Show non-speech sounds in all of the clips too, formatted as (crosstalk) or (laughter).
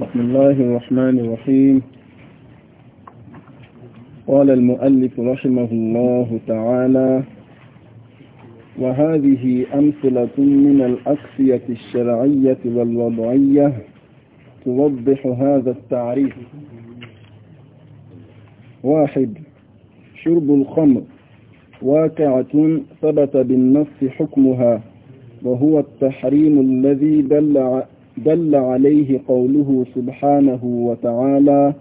بسم الله الرحمن الرحيم قال المؤلف رحمه الله تعالى وهذه أمثلة من الأكسية الشرعية والوضعية توضح هذا التعريف واحد شرب الخمر واقعة ثبت بالنص حكمها وهو التحريم الذي دل دل عليه قوله سبحانه وتعالى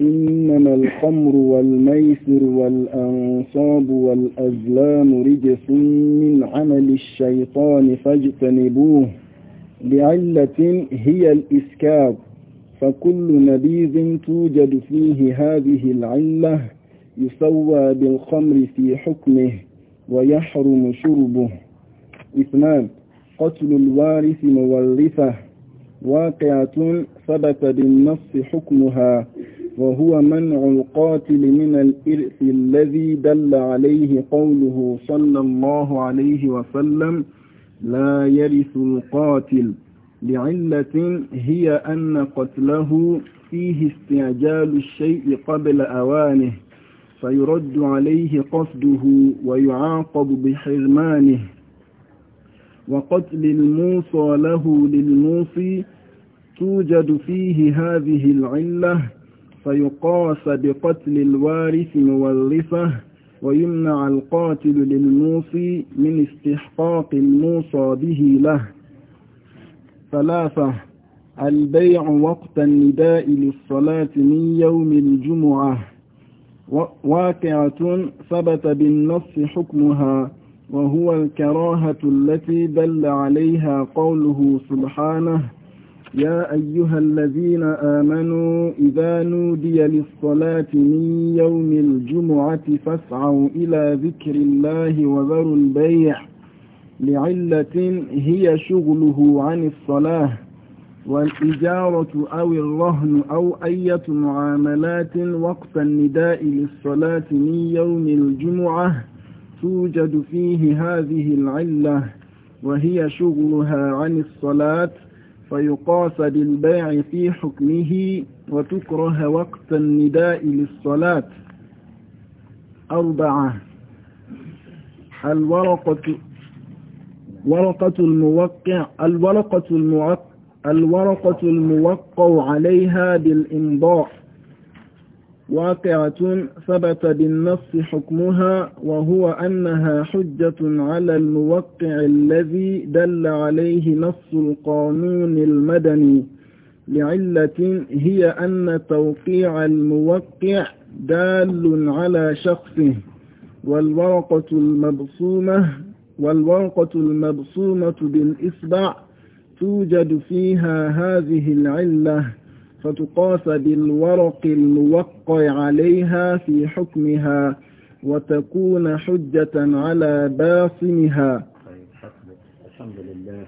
إنما الخمر والميسر والأنصاب والأزلام رجس من عمل الشيطان فاجتنبوه بعلة هي الإسكاب فكل نبيذ توجد فيه هذه العلة يسوى بالخمر في حكمه ويحرم شربه اثنان قتل الوارث مورثه واقعة ثبت بالنص حكمها وهو منع القاتل من الإرث الذي دل عليه قوله صلى الله عليه وسلم لا يرث القاتل لعلة هي أن قتله فيه استعجال الشيء قبل أوانه فيرد عليه قصده ويعاقب بحرمانه وقتل الموصى له للموصي توجد فيه هذه العلة فيقاس بقتل الوارث مورثه ويمنع القاتل للموصي من استحقاق الموصى به له ثلاثة البيع وقت النداء للصلاة من يوم الجمعة واقعة ثبت بالنص حكمها وهو الكراهة التي دل عليها قوله سبحانه يا أيها الذين آمنوا إذا نودي للصلاة من يوم الجمعة فاسعوا إلى ذكر الله وذروا البيع لعلة هي شغله عن الصلاة والإجارة أو الرهن أو أية معاملات وقت النداء للصلاة من يوم الجمعة توجد فيه هذه العلة وهي شغلها عن الصلاة فيقاس بالبيع في حكمه وتكره وقت النداء للصلاة أربعة الورقة ورقة الموقع الورقة الموقع الورقة الموقع عليها بالإمضاء واقعة ثبت بالنص حكمها وهو أنها حجة على الموقع الذي دل عليه نص القانون المدني لعلة هي أن توقيع الموقع دال على شخصه والورقة المبصومة والورقة المبصومة بالإصبع توجد فيها هذه العلة فتقاس بالورق الموقع عليها في حكمها وتكون حجة على باصمها طيب الحمد لله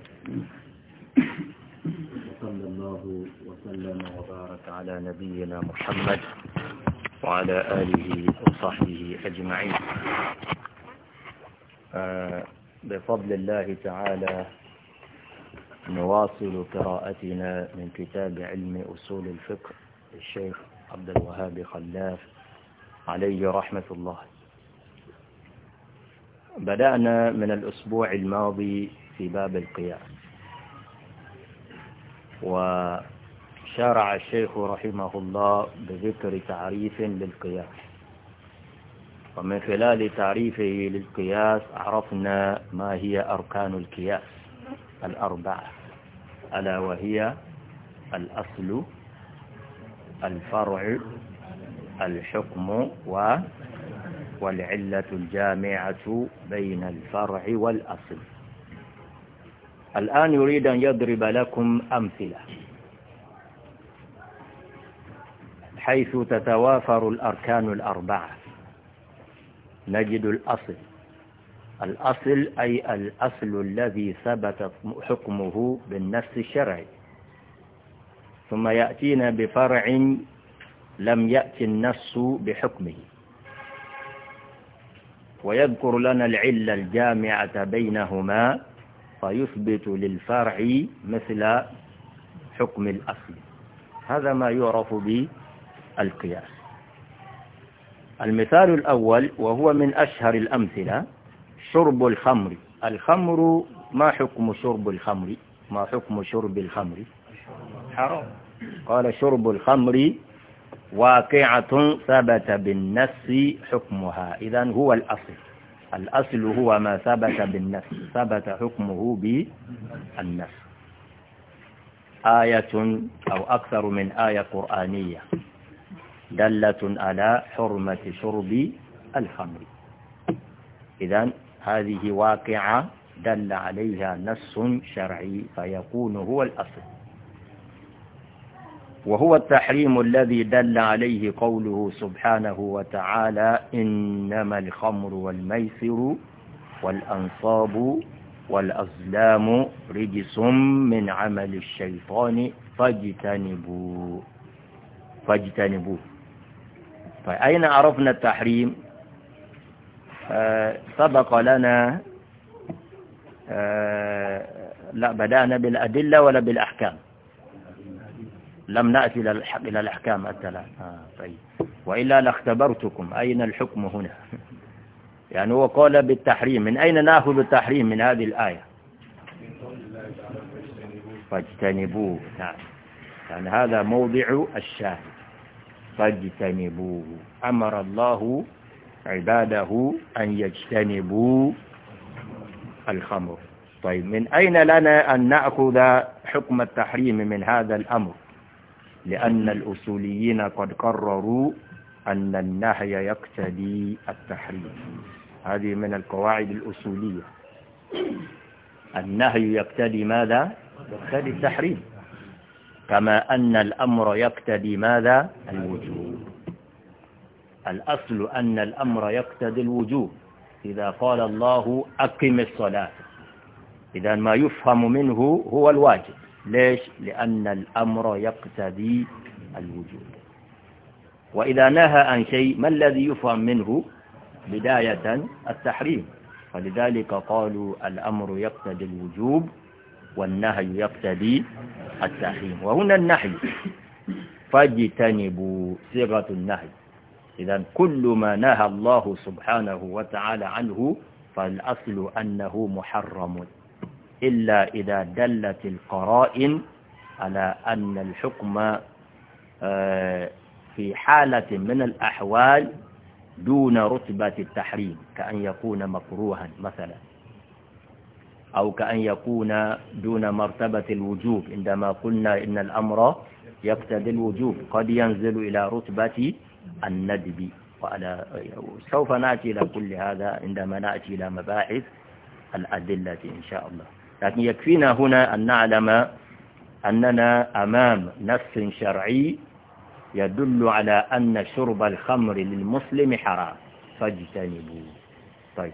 وصلى الله وسلم وبارك على نبينا محمد وعلى آله وصحبه أجمعين آه، بفضل الله تعالى نواصل قراءتنا من كتاب علم أصول الفقه للشيخ عبد الوهاب خلاف عليه رحمة الله بدأنا من الأسبوع الماضي في باب القياس وشارع الشيخ رحمه الله بذكر تعريف للقياس ومن خلال تعريفه للقياس عرفنا ما هي أركان القياس الأربعة ألا وهي الأصل الفرع الحكم و والعلة الجامعة بين الفرع والأصل الآن يريد أن يضرب لكم أمثلة حيث تتوافر الأركان الأربعة نجد الأصل الأصل أي الأصل الذي ثبت حكمه بالنفس الشرعي ثم يأتينا بفرع لم يأتي النفس بحكمه ويذكر لنا العلة الجامعة بينهما فيثبت للفرع مثل حكم الأصل هذا ما يعرف بالقياس المثال الأول وهو من أشهر الأمثلة شرب الخمر الخمر ما حكم شرب الخمر ما حكم شرب الخمر حرام قال شرب الخمر واقعة ثبت بالنفس حكمها إذا هو الأصل الأصل هو ما ثبت بالنفس ثبت حكمه بالنفس آية أو أكثر من آية قرآنية دلة على حرمة شرب الخمر إذا هذه واقعة دل عليها نص شرعي فيكون هو الأصل وهو التحريم الذي دل عليه قوله سبحانه وتعالى إنما الخمر والميسر والأنصاب والأظلام رجس من عمل الشيطان فاجتنبوه فاجتنبوه فأين عرفنا التحريم آه، سبق لنا آه، لا بدأنا بالأدلة ولا بالأحكام لم نأتي إلى الأحكام الثلاث آه طيب وإلا لاختبرتكم أين الحكم هنا (laughs) يعني هو قال بالتحريم من أين نأخذ التحريم من هذه الآية فاجتنبوه نعم يعني هذا موضع الشاهد فاجتنبوه أمر الله عباده أن يجتنبوا الخمر طيب من أين لنا أن نأخذ حكم التحريم من هذا الأمر لأن الأصوليين قد قرروا أن النهي يقتدي التحريم هذه من القواعد الأصولية النهي يقتدي ماذا؟ يقتدي التحريم كما أن الأمر يقتدي ماذا؟ الأصل أن الأمر يقتضي الوجوب إذا قال الله أقم الصلاة إذا ما يفهم منه هو الواجب ليش؟ لأن الأمر يقتضي الوجود وإذا نهى عن شيء ما الذي يفهم منه بداية التحريم فلذلك قالوا الأمر يقتضي الوجوب والنهي يقتضي التحريم وهنا النحي فاجتنبوا صيغة النهي إذا كل ما نهى الله سبحانه وتعالى عنه فالأصل أنه محرم إلا إذا دلت القرائن على أن الحكم آه، في حالة من الأحوال دون رتبة التحريم كأن يكون مكروها مثلا أو كأن يكون دون مرتبة الوجوب عندما قلنا إن الأمر يقتضي الوجوب قد ينزل إلى رتبة الندب وعلى سوف نأتي إلى كل هذا عندما نأتي إلى مباحث الأدلة إن شاء الله لكن يكفينا هنا أن نعلم أننا أمام نص شرعي يدل على أن شرب الخمر للمسلم حرام فاجتنبوا طيب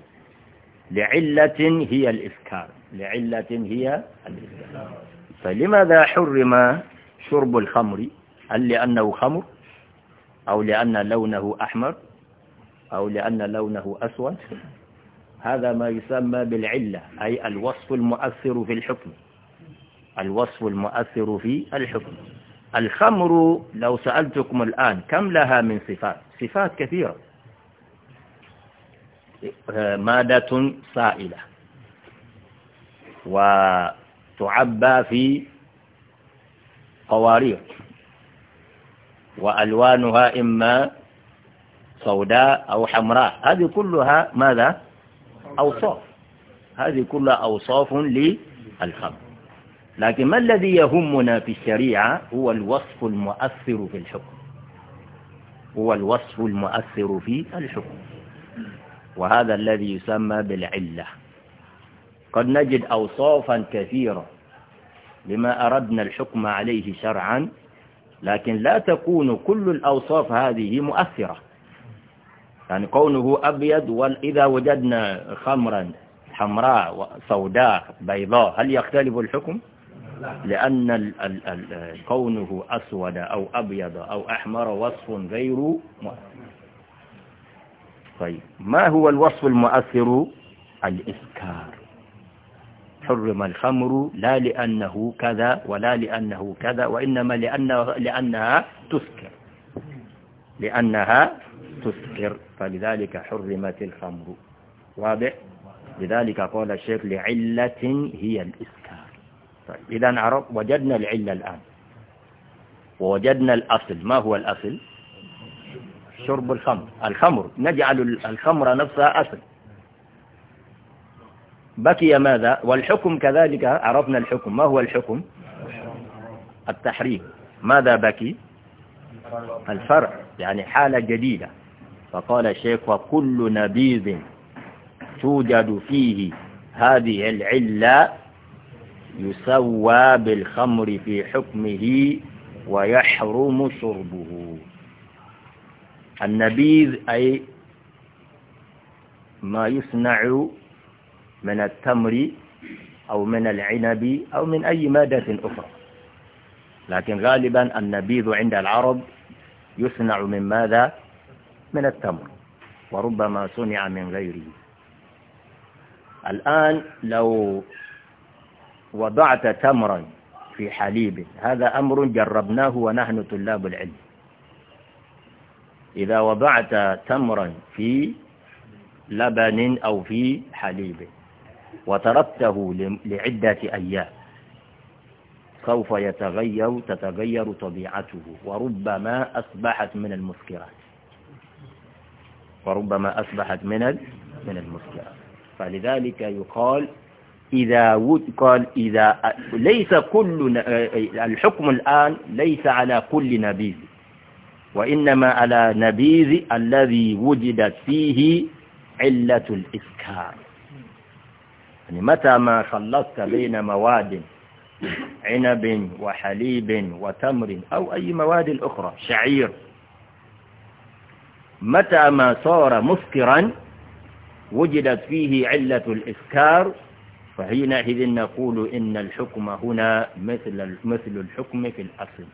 لعلة هي الإفكار لعلة هي الإفكار فلماذا حرم شرب الخمر هل لأنه خمر أو لأن لونه أحمر أو لأن لونه أسود هذا ما يسمى بالعلة أي الوصف المؤثر في الحكم الوصف المؤثر في الحكم الخمر لو سألتكم الآن كم لها من صفات صفات كثيرة مادة سائلة وتعبى في قوارير وألوانها إما سوداء أو حمراء هذه كلها ماذا أوصاف هذه كلها أوصاف للخمر لكن ما الذي يهمنا في الشريعة هو الوصف المؤثر في الحكم هو الوصف المؤثر في الحكم وهذا الذي يسمى بالعلة قد نجد أوصافا كثيرة لما أردنا الحكم عليه شرعا لكن لا تكون كل الأوصاف هذه مؤثرة يعني كونه أبيض وإذا وجدنا خمرا حمراء سوداء بيضاء هل يختلف الحكم؟ لأن كونه أسود أو أبيض أو أحمر وصف غير مؤثر طيب ما هو الوصف المؤثر الإسكار حرم الخمر لا لأنه كذا ولا لأنه كذا وإنما لأنه لأنها تسكر لأنها تسكر فلذلك حرمت الخمر واضح لذلك قال الشيخ لعلة هي الإسكار طيب إذا عرب وجدنا العلة الآن ووجدنا الأصل ما هو الأصل شرب الخمر الخمر نجعل الخمر نفسها أصل بقي ماذا والحكم كذلك عرفنا الحكم ما هو الحكم التحريم ماذا بقي الفرع يعني حالة جديدة فقال الشيخ وكل نبيذ توجد فيه هذه العلة يسوى بالخمر في حكمه ويحرم شربه النبيذ أي ما يصنع من التمر أو من العنب أو من أي مادة أخرى لكن غالبا النبيذ عند العرب يصنع من ماذا من التمر وربما صنع من غيره الآن لو وضعت تمرا في حليب هذا أمر جربناه ونحن طلاب العلم إذا وضعت تمرا في لبن أو في حليب وتركته لعدة أيام سوف يتغير تتغير طبيعته وربما أصبحت من المسكرات وربما أصبحت من من المسكرات فلذلك يقال إذا قال إذا ليس كل آه، الحكم الآن ليس على كل نبيذ وإنما على نبيذ الذي وجدت فيه علة الإسكار يعني متى ما خلصت بين مواد عنب وحليب وتمر أو أي مواد أخرى شعير متى ما صار مسكرا وجدت فيه علة الإسكار فحينئذ نقول إن الحكم هنا مثل مثل الحكم في الأصل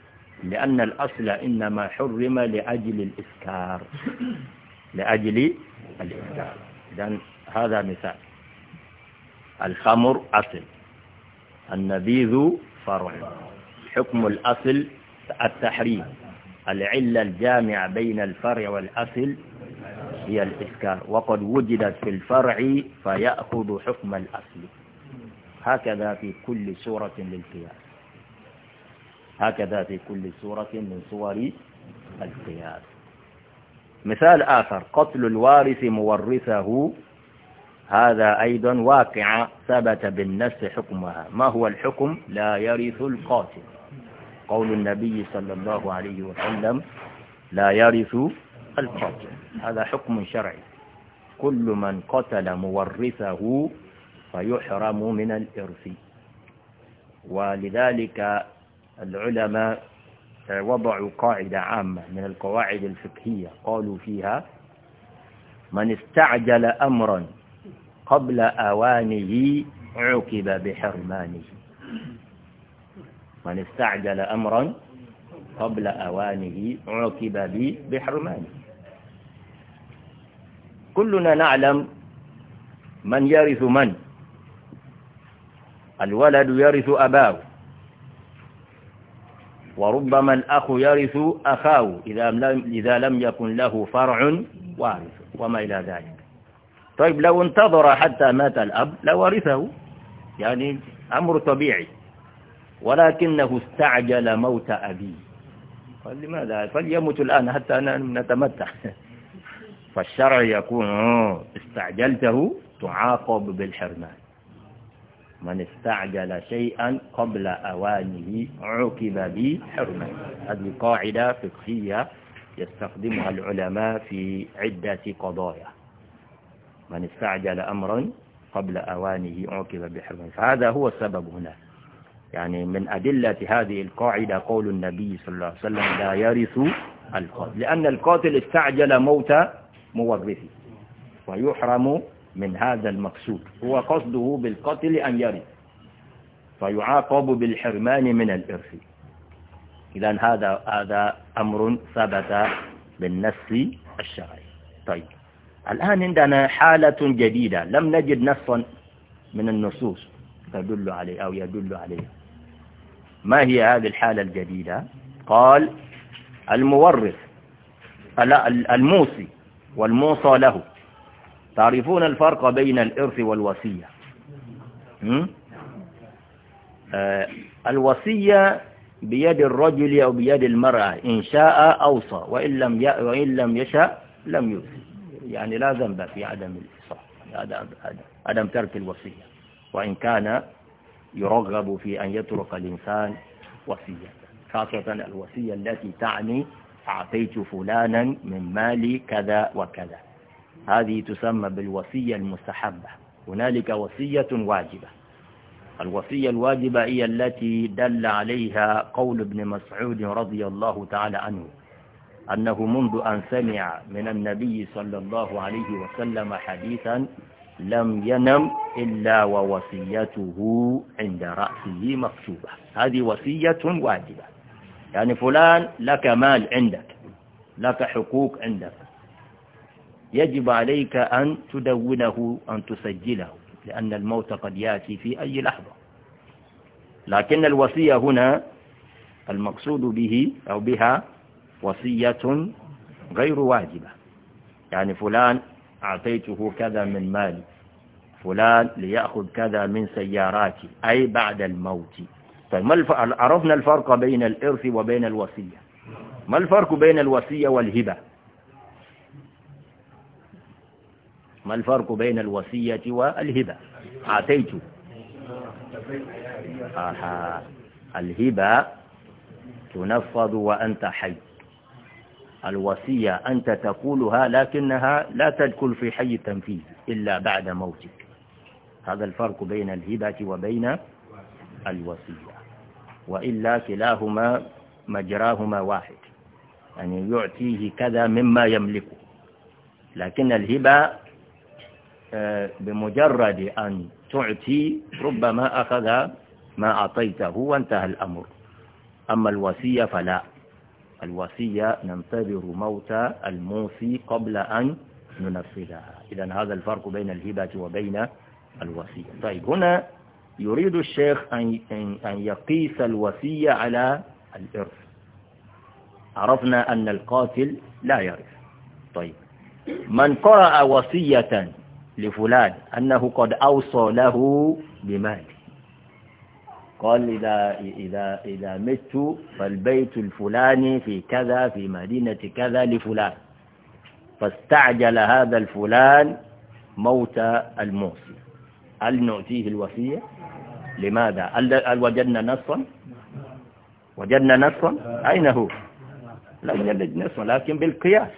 لأن الأصل إنما حرم لأجل الإسكار لأجل الإسكار إذن هذا مثال الخمر أصل النبيذ فرع حكم الأصل التحريم العلة الجامعة بين الفرع والأصل هي الإسكار وقد وجدت في الفرع فيأخذ حكم الأصل هكذا في كل سورة للقياس هكذا في كل سورة من صور القياس مثال آخر قتل الوارث مورثه هذا أيضا واقعة ثبت بالنفس حكمها ما هو الحكم لا يرث القاتل قول النبي صلى الله عليه وسلم لا يرث القاتل هذا حكم شرعي كل من قتل مورثه فيحرم من الإرث ولذلك العلماء وضعوا قاعدة عامة من القواعد الفقهية قالوا فيها من استعجل أمرا قبل أوانه عوقب بحرمانه من استعجل أمرا قبل أوانه عوقب بحرمانه كلنا نعلم من يرث من الولد يرث أباه وربما الأخ يرث أخاه إذا لم يكن له فرع وارث وما إلى ذلك طيب لو انتظر حتى مات الأب لورثه يعني أمر طبيعي ولكنه استعجل موت أبيه قال لماذا فليمت الآن حتى نتمتع (laughs) فالشرع يكون آه، استعجلته تعاقب بالحرمان من استعجل شيئا قبل أوانه عوقب بحرمان هذه قاعدة فقهية يستخدمها العلماء في عدة قضايا من استعجل أمرا قبل أوانه عوقب بحرمان فهذا هو السبب هنا يعني من أدلة هذه القاعدة قول النبي صلى الله عليه وسلم لا يرث القاتل لأن القاتل استعجل موت مورثه ويحرم من هذا المقصود هو قصده بالقتل أن يرث فيعاقب بالحرمان من الإرث إذا هذا هذا أمر ثبت بالنص الشرعي طيب الآن عندنا حالة جديدة لم نجد نصا من النصوص تدل عليه أو يدل عليه ما هي هذه الحالة الجديدة قال المورث الموصي والموصى له تعرفون الفرق بين الإرث والوصية آه، الوصية بيد الرجل أو بيد المرأة إن شاء أوصى وإن لم, وإن لم يشاء لم يوصي يعني لا ذنب في عدم الإصلاح يعني عدم, عدم ترك الوصية وإن كان يرغب في أن يترك الإنسان وصية خاصة الوصية التي تعني أعطيت فلانا من مالي كذا وكذا هذه تسمى بالوصية المستحبة هنالك وصية واجبة الوصية الواجبة هي التي دل عليها قول ابن مسعود رضي الله تعالى عنه أنه منذ أن سمع من النبي صلى الله عليه وسلم حديثا لم ينم إلا ووصيته عند رأسه مكتوبة هذه وصية واجبة يعني فلان لك مال عندك لك حقوق عندك يجب عليك أن تدونه أن تسجله لأن الموت قد يأتي في أي لحظة لكن الوصية هنا المقصود به أو بها وصية غير واجبة يعني فلان أعطيته كذا من مالي فلان ليأخذ كذا من سياراتي أي بعد الموت طيب ما الف... عرفنا الفرق بين الإرث وبين الوصية ما الفرق بين الوصية والهبة ما الفرق بين الوصية والهبة أعطيته أها الهبة تنفذ وأنت حي الوصية أنت تقولها لكنها لا تدخل في حي التنفيذ إلا بعد موتك هذا الفرق بين الهبة وبين الوصية وإلا كلاهما مجراهما واحد يعني يعطيه كذا مما يملكه لكن الهبة آه، بمجرد أن تعطي ربما أخذ ما أعطيته وانتهى الأمر أما الوصية فلا الوصية ننتظر موت الموصي قبل أن ننفذها إذا هذا الفرق بين الهبة وبين الوصية طيب هنا يريد الشيخ أن يقيس الوصية على الإرث عرفنا أن القاتل لا يرث طيب من قرأ وصية لفلان أنه قد أوصى له بمال قال إذا, إذا, إذا مت فالبيت الفلاني في كذا في مدينة كذا لفلان فاستعجل هذا الفلان موت الموصي هل نؤتيه الوصية لماذا هل وجدنا نصا وجدنا نصا أين هو لم نجد نصا لكن بالقياس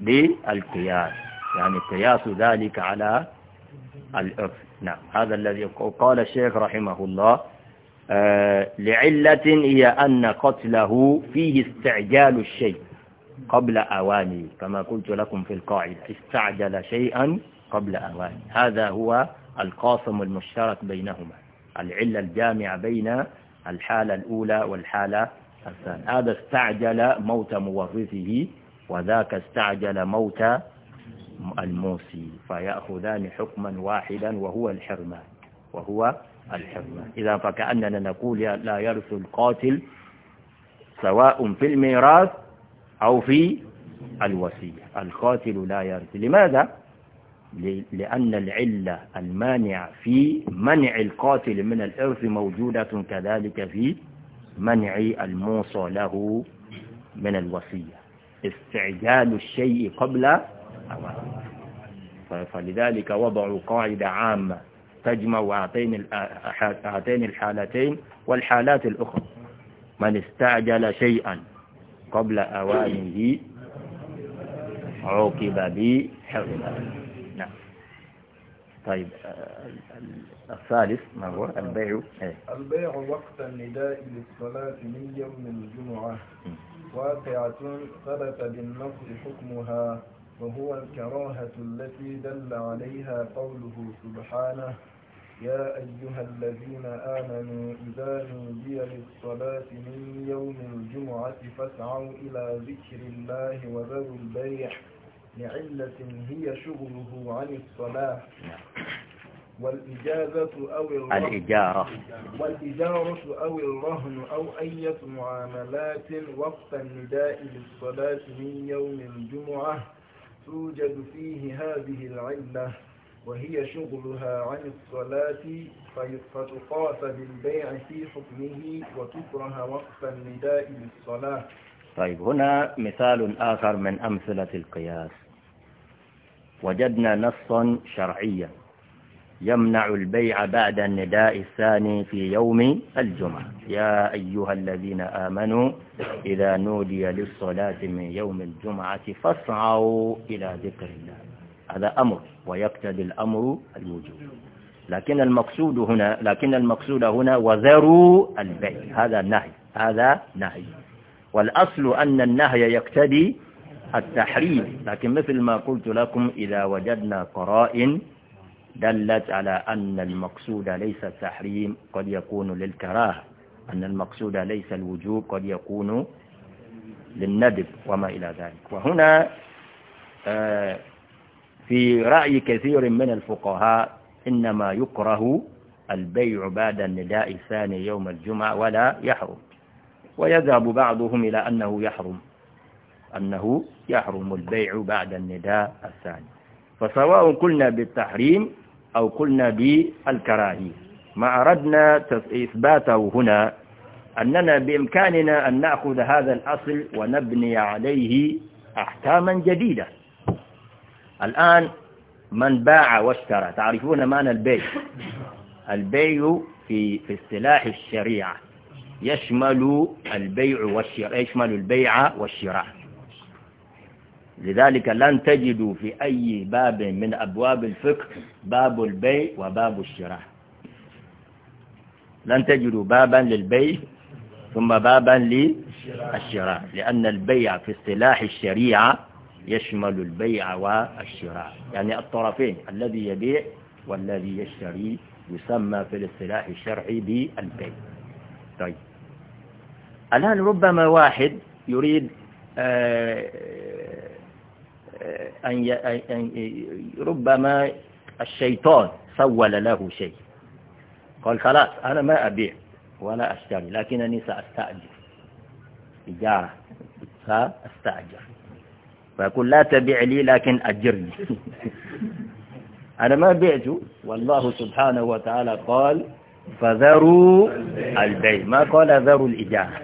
بالقياس يعني قياس ذلك على الإرث نعم هذا الذي قال الشيخ رحمه الله آه، لعلة هي أن قتله فيه استعجال الشيء قبل أواني كما قلت لكم في القاعدة استعجل شيئا قبل أواني هذا هو القاسم المشترك بينهما العلة الجامعة بين الحالة الأولى والحالة الثانية هذا استعجل موت مورثه وذاك استعجل موت الموصي فيأخذان حكما واحدا وهو الحرمان وهو الحرمان إذا فكأننا نقول لا يرث القاتل سواء في الميراث أو في الوصية القاتل لا يرث لماذا؟ لأن العلة المانعة في منع القاتل من الإرث موجودة كذلك في منع الموصى له من الوصية استعجال الشيء قبل فلذلك وضعوا قاعدة عامة تجمع هاتين الحالتين والحالات الأخرى من استعجل شيئا قبل أوانه عوقب به نعم طيب آه، الثالث ما هو البيع ايه؟ البيع وقت النداء للصلاة من يوم الجمعة واقعة ثبت بالنصر حكمها وهو الكراهة التي دل عليها قوله سبحانه يا أيها الذين آمنوا إذا نودي للصلاة من يوم الجمعة فاسعوا إلى ذكر الله وذروا البيع لعلة هي شغله عن الصلاة والإجازة أو الرهن الإجارة والإجارة أو الرهن أو أية معاملات وقت النداء للصلاة من يوم الجمعة توجد فيه هذه العلة وهي شغلها عن الصلاة فتقاس بالبيع في حكمه وتكره وقف النداء للصلاة طيب هنا مثال آخر من أمثلة القياس وجدنا نصا شرعيا يمنع البيع بعد النداء الثاني في يوم الجمعة يا أيها الذين آمنوا إذا نودي للصلاة من يوم الجمعة فاسعوا إلى ذكر الله هذا أمر ويقتضي الأمر الوجوب لكن المقصود هنا لكن المقصود هنا وذروا البيع هذا نهي هذا نهي والأصل أن النهي يقتضي التحريم لكن مثل ما قلت لكم إذا وجدنا قرائن دلت على أن المقصود ليس التحريم قد يكون للكراهة أن المقصود ليس الوجوب قد يكون للندب وما إلى ذلك وهنا آه، في رأي كثير من الفقهاء إنما يكره البيع بعد النداء الثاني يوم الجمعة ولا يحرم ويذهب بعضهم إلى أنه يحرم أنه يحرم البيع بعد النداء الثاني فسواء قلنا بالتحريم أو قلنا بالكراهية ما أردنا إثباته هنا أننا بإمكاننا أن نأخذ هذا الأصل ونبني عليه أحكاما جديدة الآن من باع واشترى تعرفون معنى البيع البيع في في اصطلاح الشريعة يشمل البيع والشراء يشمل البيع والشراء لذلك لن تجدوا في أي باب من أبواب الفقه باب البيع وباب الشراء لن تجدوا بابا للبيع ثم بابا للشراء لأن البيع في اصطلاح الشريعة يشمل البيع والشراء يعني الطرفين الذي يبيع والذي يشتري يسمى في الاصطلاح الشرعي بالبيع طيب الآن ربما واحد يريد آه، أن ربما الشيطان سول له شيء قال خلاص أنا ما أبيع ولا أشتري لكنني سأستأجر إجارة سأستأجر فيقول لا تبيع لي لكن أجرني (laughs) أنا ما بعت والله سبحانه وتعالى قال فذروا البيع ما قال ذروا الإجارة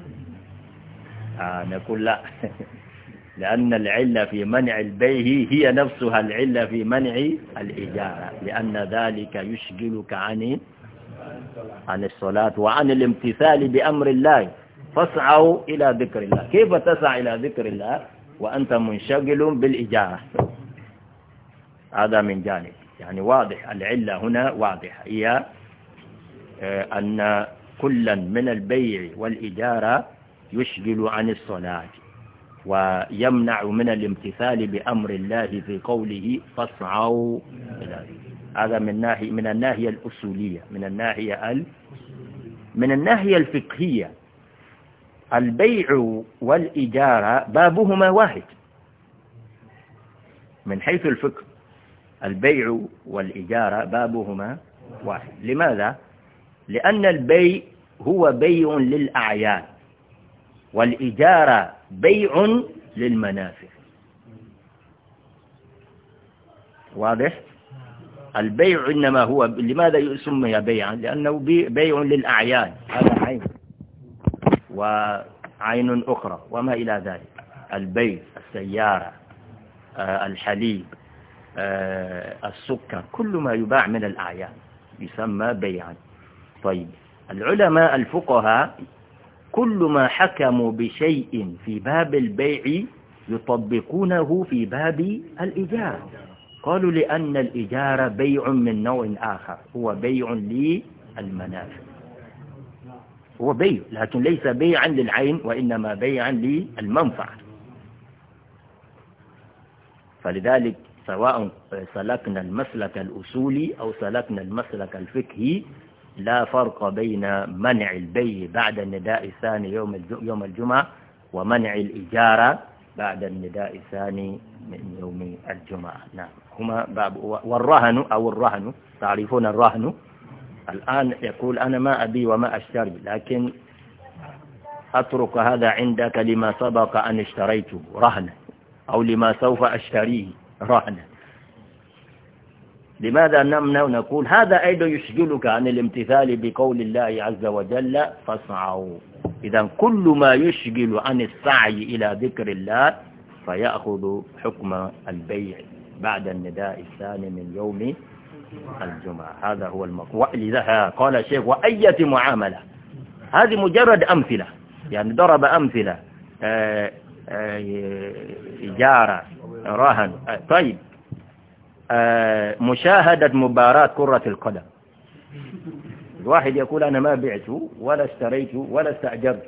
(laughs) آه نقول لا (laughs) لأن العلة في منع البيع هي نفسها العلة في منع الإجارة لأن ذلك يشغلك عن عن الصلاة وعن الامتثال بأمر الله فاسعوا إلى ذكر الله كيف تسعى إلى ذكر الله وأنت منشغل بالإجارة هذا من جانب يعني واضح العلة هنا واضحة هي آه، أن كلا من البيع والإجارة يشغل عن الصلاة ويمنع من الامتثال بأمر الله في قوله فاسعوا هذا من ناحية من الناحية الأصولية من الناحية ال من الناحية الفقهية البيع والإجارة بابهما واحد من حيث الفقه البيع والإجارة بابهما واحد لماذا؟ لأن البيع هو بيع للأعيان والإجارة بيع للمنافع واضح البيع إنما هو لماذا يسمي بيعا لأنه بيع للأعيان هذا عين وعين أخرى وما إلى ذلك البيت السيارة آه، الحليب آه، السكر كل ما يباع من الأعيان يسمى بيعا طيب العلماء الفقهاء كل ما حكموا بشيء في باب البيع يطبقونه في باب الإجارة قالوا لأن الإجارة بيع من نوع آخر هو بيع للمنافع هو بيع لكن ليس بيعا للعين وإنما بيعا للمنفعة فلذلك سواء سلكنا المسلك الأصولي أو سلكنا المسلك الفقهي لا فرق بين منع البيع بعد النداء الثاني يوم يوم الجمعة ومنع الإجارة بعد النداء الثاني من يوم الجمعة نعم هما باب والرهن أو الرهن تعرفون الرهن الآن يقول أنا ما أبي وما أشتري لكن أترك هذا عندك لما سبق أن اشتريته رهن أو لما سوف أشتريه رهن لماذا نمنع نقول هذا أيضا يشغلك عن الامتثال بقول الله عز وجل فاسعوا إذا كل ما يشغل عن السعي إلى ذكر الله فيأخذ حكم البيع بعد النداء الثاني من يوم الجمعة هذا هو المقوى لذا قال الشيخ وأية معاملة هذه مجرد أمثلة يعني ضرب أمثلة آه، آه، إجارة رهن طيب آه، مشاهدة مباراة كرة القدم الواحد يقول أنا ما بعت ولا اشتريت ولا استأجرت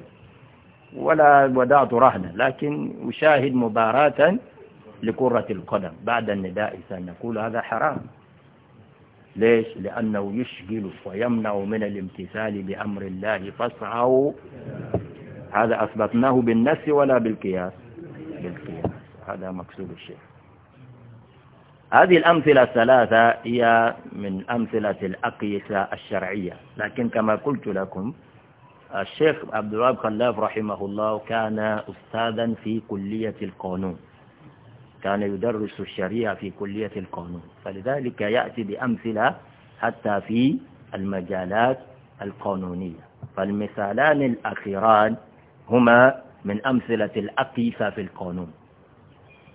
ولا ودعت رهنا لكن أشاهد مباراة لكرة القدم بعد النداء سنقول هذا حرام ليش؟ لأنه يشغل ويمنع من الامتثال بأمر الله فاسعوا هذا أثبتناه بالنس ولا بالقياس بالقياس هذا مقصود الشيخ هذه الأمثلة الثلاثة هي من أمثلة الأقيسة الشرعية لكن كما قلت لكم الشيخ عبد الوهاب خلاف رحمه الله كان أستاذا في كلية القانون كان يدرس الشريعة في كلية القانون فلذلك يأتي بأمثلة حتى في المجالات القانونية فالمثالان الأخيران هما من أمثلة الأقيسة في القانون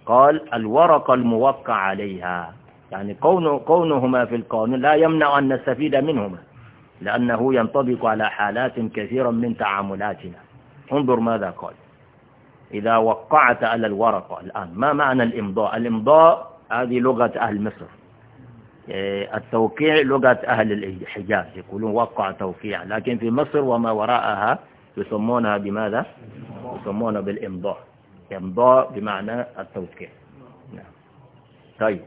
قال الورقة الموقع عليها يعني كونه كونهما في القانون لا يمنع أن نستفيد منهما لأنه ينطبق على حالات كثيرة من تعاملاتنا انظر ماذا قال إذا وقعت على الورقة الآن ما معنى الإمضاء الإمضاء هذه لغة أهل مصر إيه، التوقيع لغة أهل الحجاز يقولون وقع توقيع لكن في مصر وما وراءها يسمونها بماذا يسمونها بالإمضاء إمضاء بمعنى التوقيع نعم طيب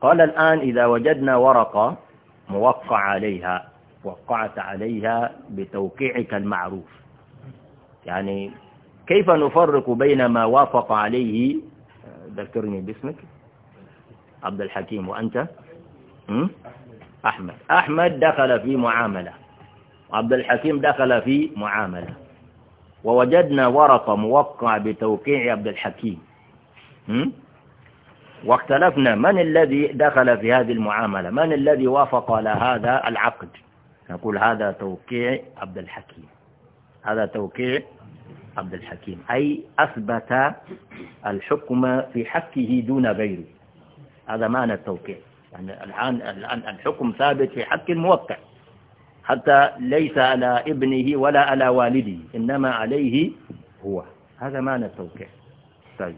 قال الآن إذا وجدنا ورقة موقع عليها وقعت عليها بتوقيعك المعروف يعني كيف نفرق بين ما وافق عليه ذكرني باسمك عبد الحكيم وأنت أحمد أحمد دخل في معاملة عبد الحكيم دخل في معاملة ووجدنا ورقة موقع بتوقيع عبد الحكيم واختلفنا من الذي دخل في هذه المعاملة من الذي وافق على هذا العقد نقول هذا توقيع عبد الحكيم هذا توقيع عبد الحكيم أي أثبت الحكم في حقه دون غيره هذا معنى التوقيع يعني الآن الحكم ثابت في حق الموقع حتى ليس على ابنه ولا على والده إنما عليه هو هذا معنى التوقيع طيب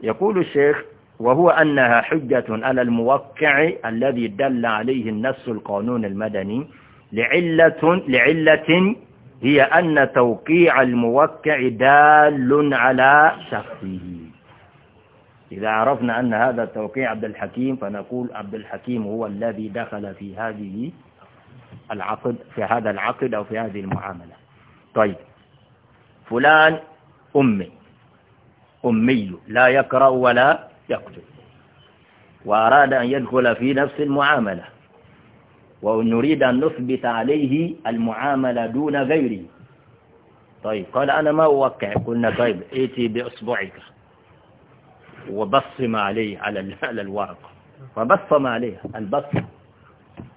يقول الشيخ وهو أنها حجة على الموقع الذي دل عليه النص القانون المدني لعلة, لعلة هي أن توقيع الموقع دال على شخصه إذا عرفنا أن هذا التوقيع عبد الحكيم فنقول عبد الحكيم هو الذي دخل في هذه العقد في هذا العقد أو في هذه المعاملة طيب فلان أمي أمي لا يقرأ ولا يكتب وأراد أن يدخل في نفس المعاملة ونريد أن نثبت عليه المعاملة دون غيره طيب قال أنا ما أوقع قلنا طيب ائتي بإصبعك وبصم عليه على الورق فبصم عليه البصم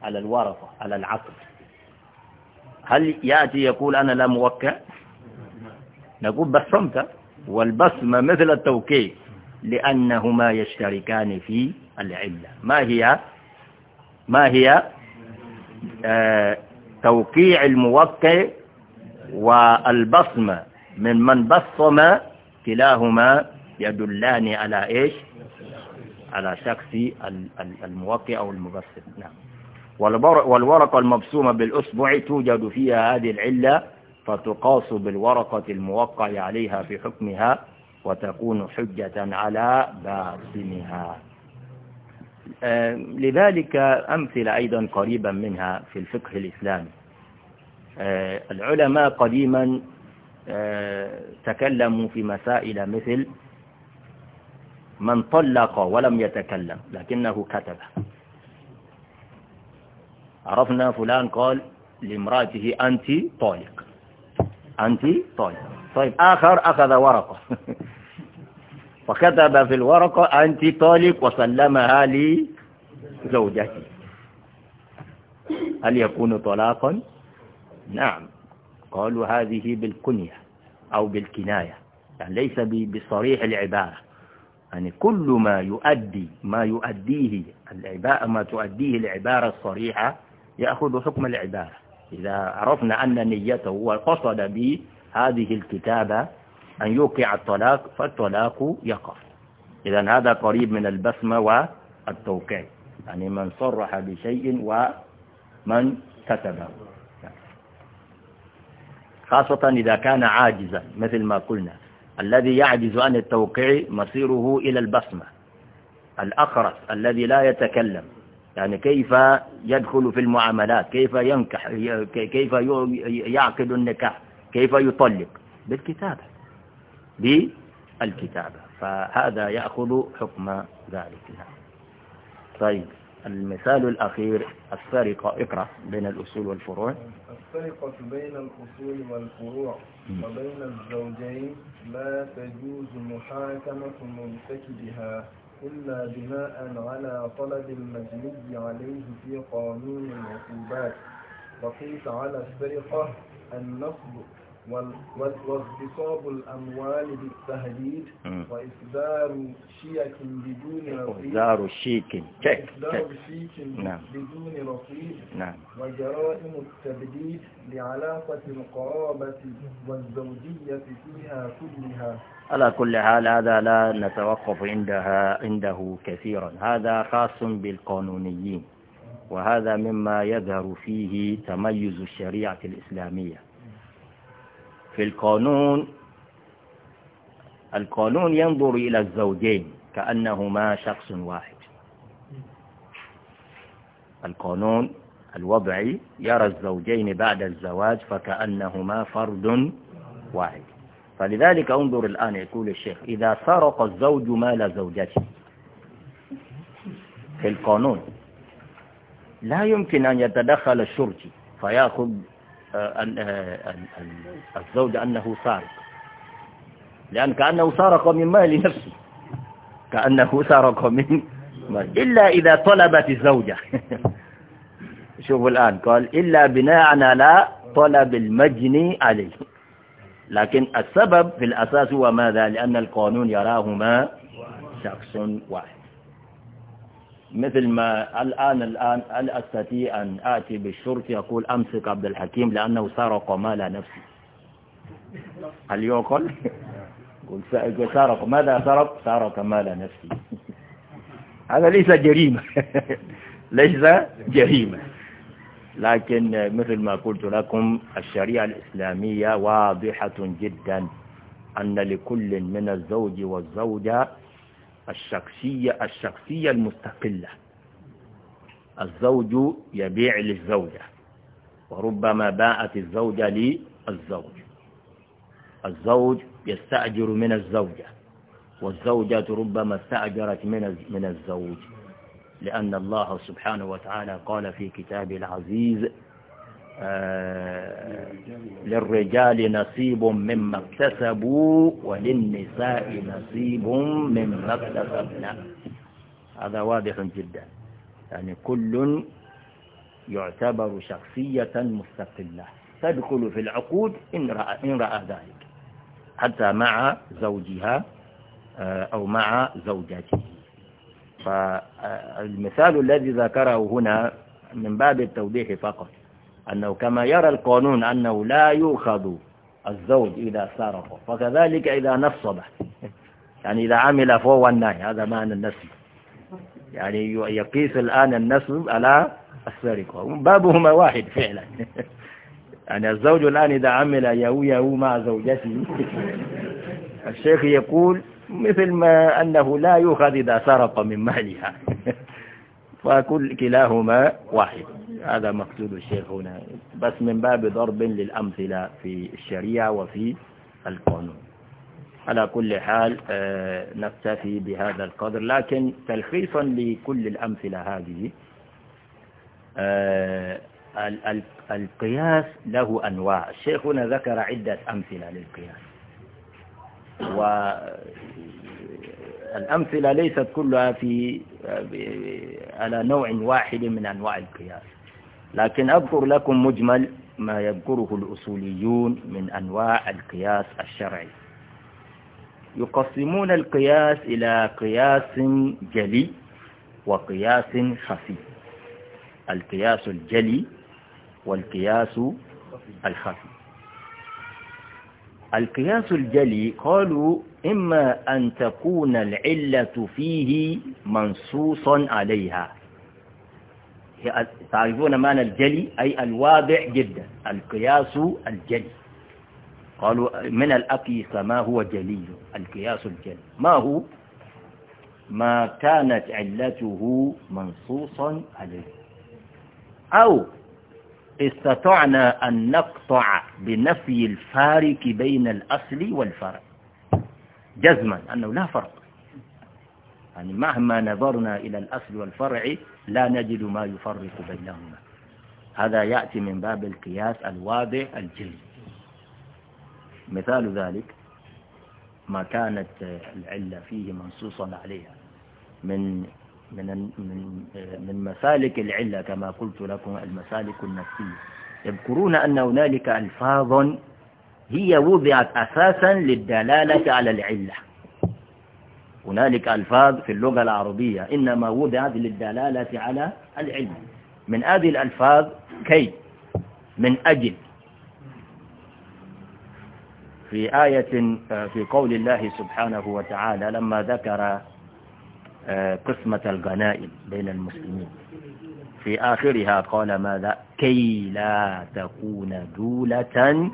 على الورثة على العقد هل يأتي يقول أنا لا موقع نقول بسمت والبسمة مثل التوكيل لأنهما يشتركان في العلة ما هي ما هي آه توقيع الموقع والبصمة من من بصم كلاهما يدلان على إيش على شخص الموقع أو المبصم نعم والورقة المبسومة بالأسبوع توجد فيها هذه العلة فتقاس بالورقة الموقع عليها في حكمها وتكون حجة على باسمها آه، لذلك أمثلة أيضا قريبا منها في الفقه الإسلامي آه، العلماء قديما آه، تكلموا في مسائل مثل من طلق ولم يتكلم لكنه كتب عرفنا فلان قال لامرأته أنت طالق أنت طالق طيب آخر أخذ ورقة (laughs) فكتب في الورقة أنت طالق وسلمها لزوجتي هل يكون طلاقا نعم قالوا هذه بالكنية أو بالكناية يعني ليس بصريح العبارة يعني كل ما يؤدي ما يؤديه العبارة ما تؤديه العبارة الصريحة يأخذ حكم العبارة إذا عرفنا أن نيته وقصد به هذه الكتابة أن يوقع الطلاق فالطلاق يقع إذا هذا قريب من البسمة والتوقيع يعني من صرح بشيء ومن كتبه خاصة إذا كان عاجزا مثل ما قلنا الذي يعجز عن التوقيع مصيره إلى البصمة الأخرس الذي لا يتكلم يعني كيف يدخل في المعاملات كيف ينكح كيف يعقد النكاح كيف يطلق بالكتابة بالكتابة فهذا يأخذ حكم ذلك نعم. طيب المثال الأخير السرقة اقرأ بين الأصول والفروع السرقة بين الأصول والفروع وبين الزوجين لا تجوز محاكمة مرتكبها إلا بناء على طلب المجني عليه في قانون العقوبات بقيت على السرقة النصب واغتصاب الأموال بالتهديد وإصدار شيك بدون رصيد إصدار شيك شيك نعم. بدون رصيد نعم. وجرائم التبديد لعلاقة القرابة والزوجية فيها كلها على كل حال هذا لا نتوقف عندها عنده كثيرا هذا خاص بالقانونيين وهذا مما يظهر فيه تميز الشريعة الإسلامية في القانون القانون ينظر إلى الزوجين كأنهما شخص واحد القانون الوضعي يرى الزوجين بعد الزواج فكأنهما فرد واحد فلذلك انظر الآن يقول الشيخ إذا سرق الزوج مال زوجته في القانون لا يمكن أن يتدخل الشرطي فيأخذ آه، آه، أن الزوج أنه سارق لأن كأنه سارق من مال نفسه كأنه (laughs) سارق من مال إلا إذا طلبت الزوجة (laughs) شوفوا الآن قال إلا بناء على طلب المجني عليه لكن السبب في الأساس هو ماذا لأن القانون يراهما شخص واحد مثل ما الآن الآن هل أستطيع أن آتي بالشرطي يقول أمسك عبد الحكيم لأنه سرق مال نفسي هل يعقل؟ سرق ماذا سرق؟ سرق مال نفسي (laughs) هذا ليس جريمة (laughs) ليس جريمة لكن مثل ما قلت لكم الشريعة الإسلامية واضحة جدا أن لكل من الزوج والزوجة الشخصية الشخصية المستقلة الزوج يبيع للزوجة وربما باعت الزوجة للزوج الزوج يستأجر من الزوجة والزوجة ربما استأجرت من من الزوج لأن الله سبحانه وتعالى قال في كتابه العزيز آه، للرجال نصيب مما اكتسبوا وللنساء نصيب مما اكتسبنا هذا واضح جدا يعني كل يعتبر شخصية مستقلة تدخل في العقود إن رأى, إن رأى ذلك حتى مع زوجها آه، أو مع زوجته فالمثال الذي ذكره هنا من باب التوضيح فقط أنه كما يرى القانون أنه لا يؤخذ الزوج إذا سرق فكذلك إذا نصب (laughs) يعني إذا عمل فهو الناي هذا معنى النسل يعني يقيس الآن النسل على السرقة بابهما واحد فعلا (laughs) يعني الزوج الآن إذا عمل يهو يهو مع زوجته (laughs) الشيخ يقول مثل ما أنه لا يؤخذ إذا سرق من مالها فكل كلاهما واحد هذا مقصود الشيخ هنا بس من باب ضرب للأمثلة في الشريعة وفي القانون على كل حال آه، نكتفي بهذا القدر لكن تلخيصا لكل الأمثلة هذه آه، القياس له أنواع الشيخ هنا ذكر عدة أمثلة للقياس الأمثلة ليست كلها في على نوع واحد من أنواع القياس لكن أذكر لكم مجمل ما يذكره الأصوليون من أنواع القياس الشرعي يقسمون القياس إلى قياس جلي وقياس خفي القياس الجلي والقياس الخفي القياس الجلي قالوا إما أن تكون العلة فيه منصوصا عليها تعرفون معنى الجلي أي الواضع جدا القياس الجلي قالوا من الأقيس ما هو جلي القياس الجلي ما هو ما كانت علته منصوصا عليه أو استطعنا أن نقطع بنفي الفارق بين الأصل والفرع جزما أنه لا فرق يعني مهما نظرنا إلى الأصل والفرع لا نجد ما يفرق بينهما هذا يأتي من باب القياس الواضح الجلي مثال ذلك ما كانت العلة فيه منصوصا عليها من من من من مسالك العلة كما قلت لكم المسالك النفسية يذكرون أن هنالك ألفاظ هي وضعت أساسا للدلالة على العلة هنالك ألفاظ في اللغة العربية إنما وضعت للدلالة على العلة من هذه الألفاظ كي من أجل في آية في قول الله سبحانه وتعالى لما ذكر آه، قسمة الغنائم بين المسلمين في آخرها قال ماذا كي لا تكون دولة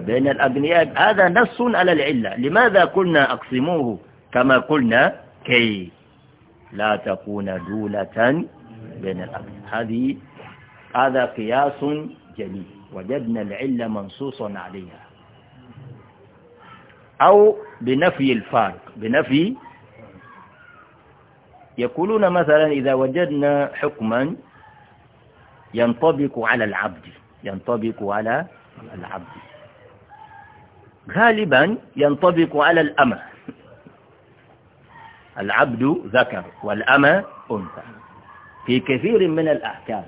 بين الأغنياء هذا نص على العلة لماذا قلنا أقسموه كما قلنا كي لا تكون دولة بين الأغنياء هذه هذا قياس جليل وجدنا العلة منصوصا عليها أو بنفي الفارق بنفي يقولون مثلا إذا وجدنا حكما ينطبق على العبد ينطبق على العبد غالبا ينطبق على الأمة العبد ذكر والأمة أنثى في كثير من الأحكام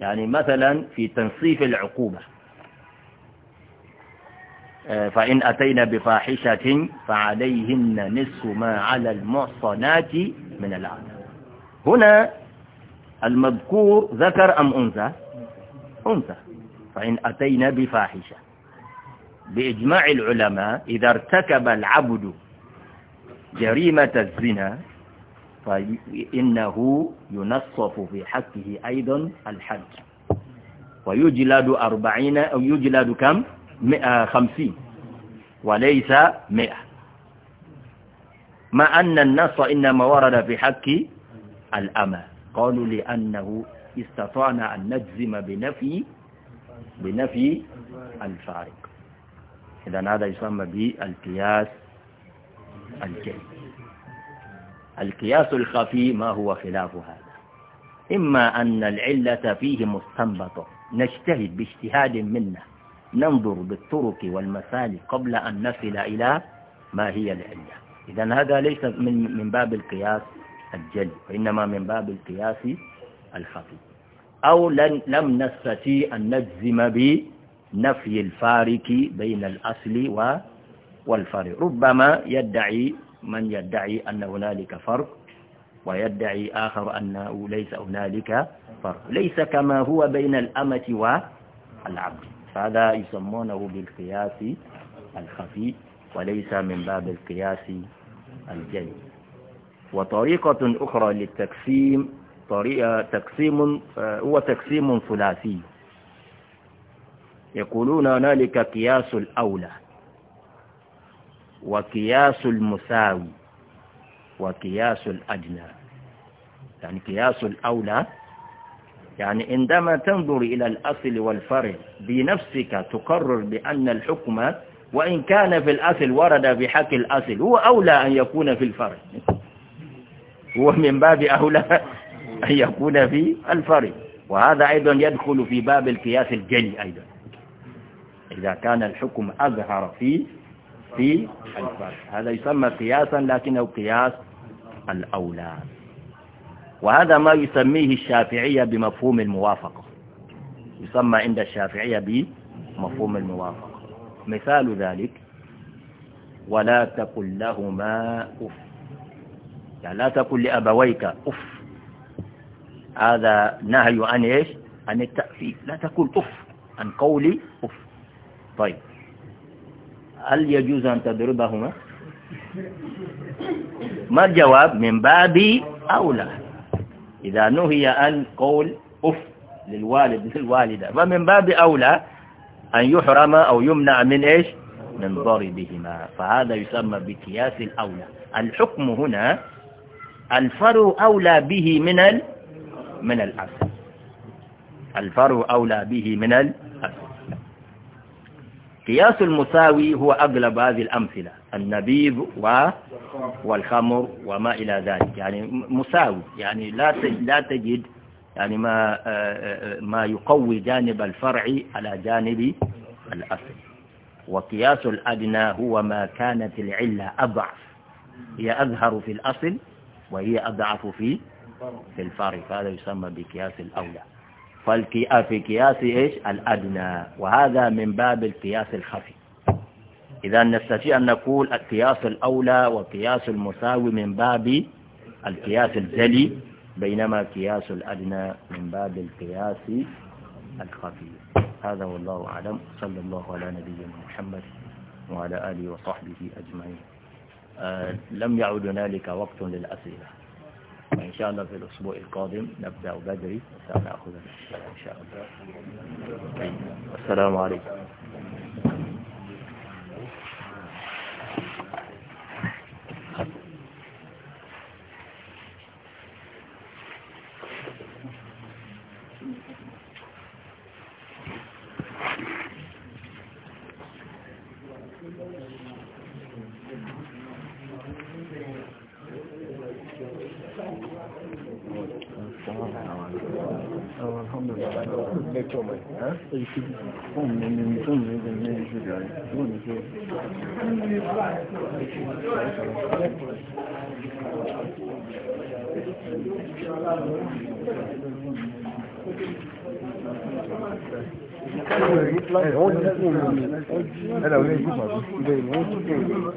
يعني مثلا في تنصيف العقوبة آه، فإن أتينا بفاحشة فعليهن نصف ما على المحصنات من العذاب هنا المذكور ذكر أم أنثى أنثى فإن أتينا بفاحشة بإجماع العلماء إذا ارتكب العبد جريمة الزنا فإنه ينصف في حقه أيضا الحج ويجلد أربعين أو يجلد كم مئة خمسين وليس مئة مع أن النص إنما ورد في حق الأمان قالوا لأنه استطعنا أن نجزم بنفي بنفي الفارق إذا هذا يسمى بالقياس الجيد القياس الخفي ما هو خلاف هذا إما أن العلة فيه مستنبطة نجتهد باجتهاد منا ننظر بالطرق والمسالك قبل أن نصل إلى ما هي العلة إذا هذا ليس من من باب القياس الجل وإنما من باب القياس الخفي أو لم نستطيع أن نجزم بنفي الفارق بين الأصل و ربما يدعي من يدعي أن هنالك فرق ويدعي آخر أنه ليس هنالك فرق ليس كما هو بين الأمة والعبد فهذا يسمونه بالقياس الخفي وليس من باب القياس الجيد وطريقة أخرى للتقسيم طريقة تقسيم آه، هو تقسيم ثلاثي يقولون هنالك قياس الأولى وقياس المساوي وقياس الأدنى يعني قياس الأولى يعني عندما تنظر إلى الأصل والفرع بنفسك تقرر بأن الحكم وإن كان في الأصل ورد بحق الأصل هو أولى أن يكون في الفرع هو من باب أولى أن يكون في الفرد وهذا أيضا يدخل في باب القياس الجلي أيضا إذا كان الحكم أظهر في في الفرد هذا يسمى قياسا لكنه قياس الأولى وهذا ما يسميه الشافعية بمفهوم الموافقة يسمى عند الشافعية بمفهوم الموافقة مثال ذلك ولا تقل لهما أف يعني لا تقل لأبويك أف هذا نهي عن إيش عن التأفيف لا تقول أف عن قولي أف طيب هل يجوز أن تضربهما ما الجواب من باب أولى إذا نهي عن قول أف للوالد للوالدة فمن باب أولى أن يحرم أو يمنع من إيش من ضربهما فهذا يسمى بكياس الأولى الحكم هنا الفرو أولى به من ال... من الأصل الفرو أولى به من ال قياس المساوي هو أغلب هذه الأمثلة النبيذ و... والخمر وما إلى ذلك يعني مساوي يعني لا تجد, لا تجد يعني ما, ما يقوي جانب الفرع على جانب الأصل وقياس الأدنى هو ما كانت العلة أضعف هي أظهر في الأصل وهي أضعف في في الفرع فهذا يسمى بكياس الأولى في كياس إيش الأدنى وهذا من باب الكياس الخفي إذا نستطيع أن نقول الكياس الأولى وكياس المساوي من باب الكياس الجلي بينما كياس الأدنى من باب القياس الخفي هذا والله أعلم صلى الله على نبينا محمد وعلى آله وصحبه أجمعين آه، لم يعد هنالك وقت للأسئلة وإن شاء الله في الأسبوع القادم نبدأ بدري وسنأخذ الأسئلة إن شاء الله السلام عليكم 他们老板在做嘛？哎，这是，我们我们我们那个那个就是，如果你说。哎，我这个，哎，来我这边吧，这边我。